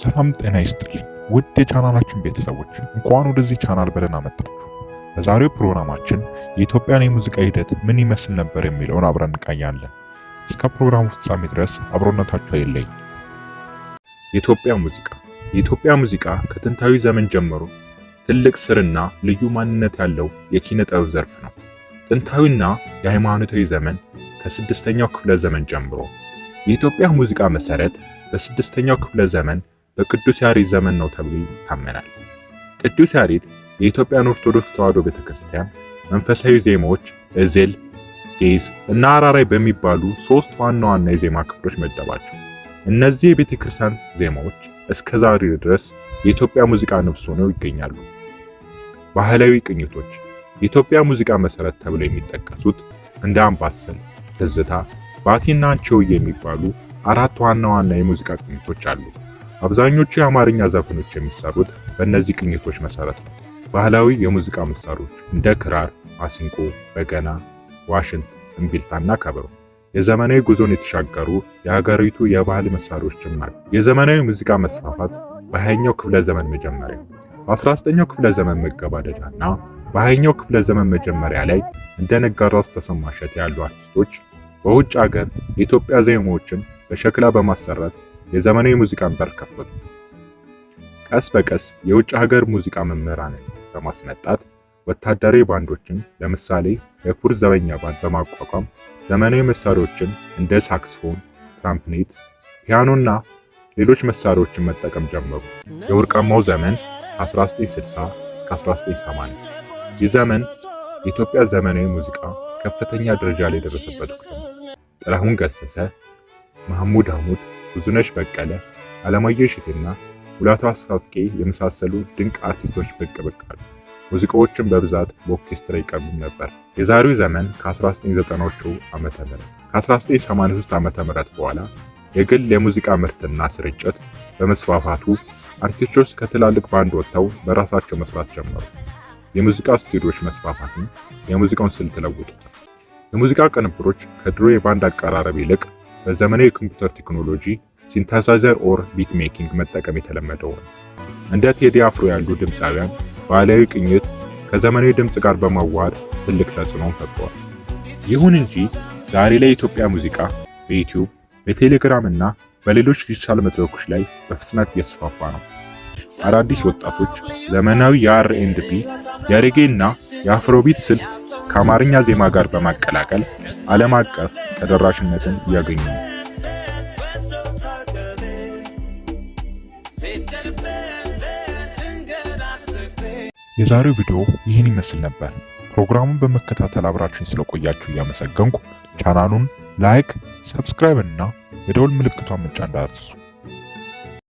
ሰላም ጤና ይስጥልኝ ውድ የቻናላችን ቤተሰቦች እንኳን ወደዚህ ቻናል በደህና መጣችሁ። በዛሬው ፕሮግራማችን የኢትዮጵያን የሙዚቃ ሂደት ምን ይመስል ነበር የሚለውን አብረን እንቃኛለን። እስከ ፕሮግራሙ ፍጻሜ ድረስ አብሮነታቸው የለኝ። የኢትዮጵያ ሙዚቃ የኢትዮጵያ ሙዚቃ ከጥንታዊ ዘመን ጀምሮ ትልቅ ስርና ልዩ ማንነት ያለው የኪነ ጥበብ ዘርፍ ነው። ጥንታዊና የሃይማኖታዊ ዘመን ከስድስተኛው ክፍለ ዘመን ጀምሮ የኢትዮጵያ ሙዚቃ መሰረት በስድስተኛው ክፍለ ዘመን በቅዱስ ያሬድ ዘመን ነው ተብሎ ይታመናል። ቅዱስ ያሬድ የኢትዮጵያን ኦርቶዶክስ ተዋሕዶ ቤተክርስቲያን መንፈሳዊ ዜማዎች እዝል፣ ጌዝ እና አራራይ በሚባሉ ሶስት ዋና ዋና የዜማ ክፍሎች መደባቸው። እነዚህ የቤተክርስቲያን ዜማዎች እስከ ዛሬ ድረስ የኢትዮጵያ ሙዚቃ ንብስ ሆነው ይገኛሉ። ባህላዊ ቅኝቶች የኢትዮጵያ ሙዚቃ መሰረት ተብለው የሚጠቀሱት እንደ አምባሰል፣ ትዝታ፣ ባቲና አንቺሆዬ የሚባሉ አራት ዋና ዋና የሙዚቃ ቅኝቶች አሉ። አብዛኞቹ የአማርኛ ዘፈኖች የሚሰሩት በእነዚህ ቅኝቶች መሰረት ነው። ባህላዊ የሙዚቃ መሳሪያዎች እንደ ክራር፣ ማሲንቆ፣ በገና፣ ዋሽንት፣ እምቢልታና ከበሮ የዘመናዊ ጉዞን የተሻገሩ የሀገሪቱ የባህል መሳሪያዎችም ናቸው። የዘመናዊ ሙዚቃ መስፋፋት በሃያኛው ክፍለ ዘመን መጀመሪያ በ19ኛው ክፍለ ዘመን መገባደጃና በሃያኛው ክፍለ ዘመን መጀመሪያ ላይ እንደ ነጋድራስ ተሰማ እሸቴ ያሉ አርቲስቶች በውጭ ሀገር የኢትዮጵያ ዜማዎችን በሸክላ በማሰራት የዘመናዊ ሙዚቃን በር ከፈቱ። ቀስ በቀስ የውጭ ሀገር ሙዚቃ መምህራንን በማስመጣት ወታደራዊ ባንዶችን ለምሳሌ የኩር ዘበኛ ባንድ በማቋቋም ዘመናዊ መሳሪያዎችን እንደ ሳክስፎን፣ ትራምፕኔት፣ ፒያኖና ሌሎች መሳሪያዎችን መጠቀም ጀመሩ። የወርቃማው ዘመን 1960 1980። ይህ ዘመን የኢትዮጵያ ዘመናዊ ሙዚቃ ከፍተኛ ደረጃ ላይ የደረሰበት ወቅት ነው። ጥላሁን ገሰሰ፣ መሐሙድ አህሙድ ብዙነሽ በቀለ፣ አለማየሁ እሸቴና ሙላቱ አስታጥቄ የመሳሰሉ ድንቅ አርቲስቶች ብቅ ብቅ አሉ። ሙዚቃዎችን በብዛት በኦርኬስትራ ይቀርቡ ነበር። የዛሬው ዘመን ከ1990ዎቹ ዓመተ ምህረት ከ1983 ዓመተ ምህረት በኋላ የግል የሙዚቃ ምርትና ስርጭት በመስፋፋቱ አርቲስቶች ከትላልቅ ባንድ ወጥተው በራሳቸው መስራት ጀመሩ። የሙዚቃ ስቱዲዮዎች መስፋፋትም የሙዚቃውን ስልት ለውጡታል። የሙዚቃ ቅንብሮች ከድሮ የባንድ አቀራረብ ይልቅ በዘመናዊ የኮምፒውተር ቴክኖሎጂ ሲንተሳይዘር ኦር ቢት ሜኪንግ መጠቀም የተለመደው ነው። እንደ ቴዲ አፍሮ ያሉ ድምፃውያን ባህላዊ ቅኝት ከዘመናዊ ድምፅ ጋር በማዋሃድ ትልቅ ተጽዕኖን ፈጥሯል። ይሁን እንጂ ዛሬ ላይ የኢትዮጵያ ሙዚቃ በዩቲዩብ በቴሌግራም እና በሌሎች ዲጂታል መድረኮች ላይ በፍጥነት እየተስፋፋ ነው። አዳዲስ ወጣቶች ዘመናዊ የአር ኤንድ ቢ የሬጌ እና የአፍሮቢት ስልት ከአማርኛ ዜማ ጋር በማቀላቀል ዓለም አቀፍ ተደራሽነትን እያገኙ ነው። የዛሬው ቪዲዮ ይህን ይመስል ነበር። ፕሮግራሙን በመከታተል አብራችን ስለቆያችሁ እያመሰገንኩ ቻናሉን ላይክ፣ ሰብስክራይብ እና የደውል ምልክቷን መጫን እንዳትረሱ።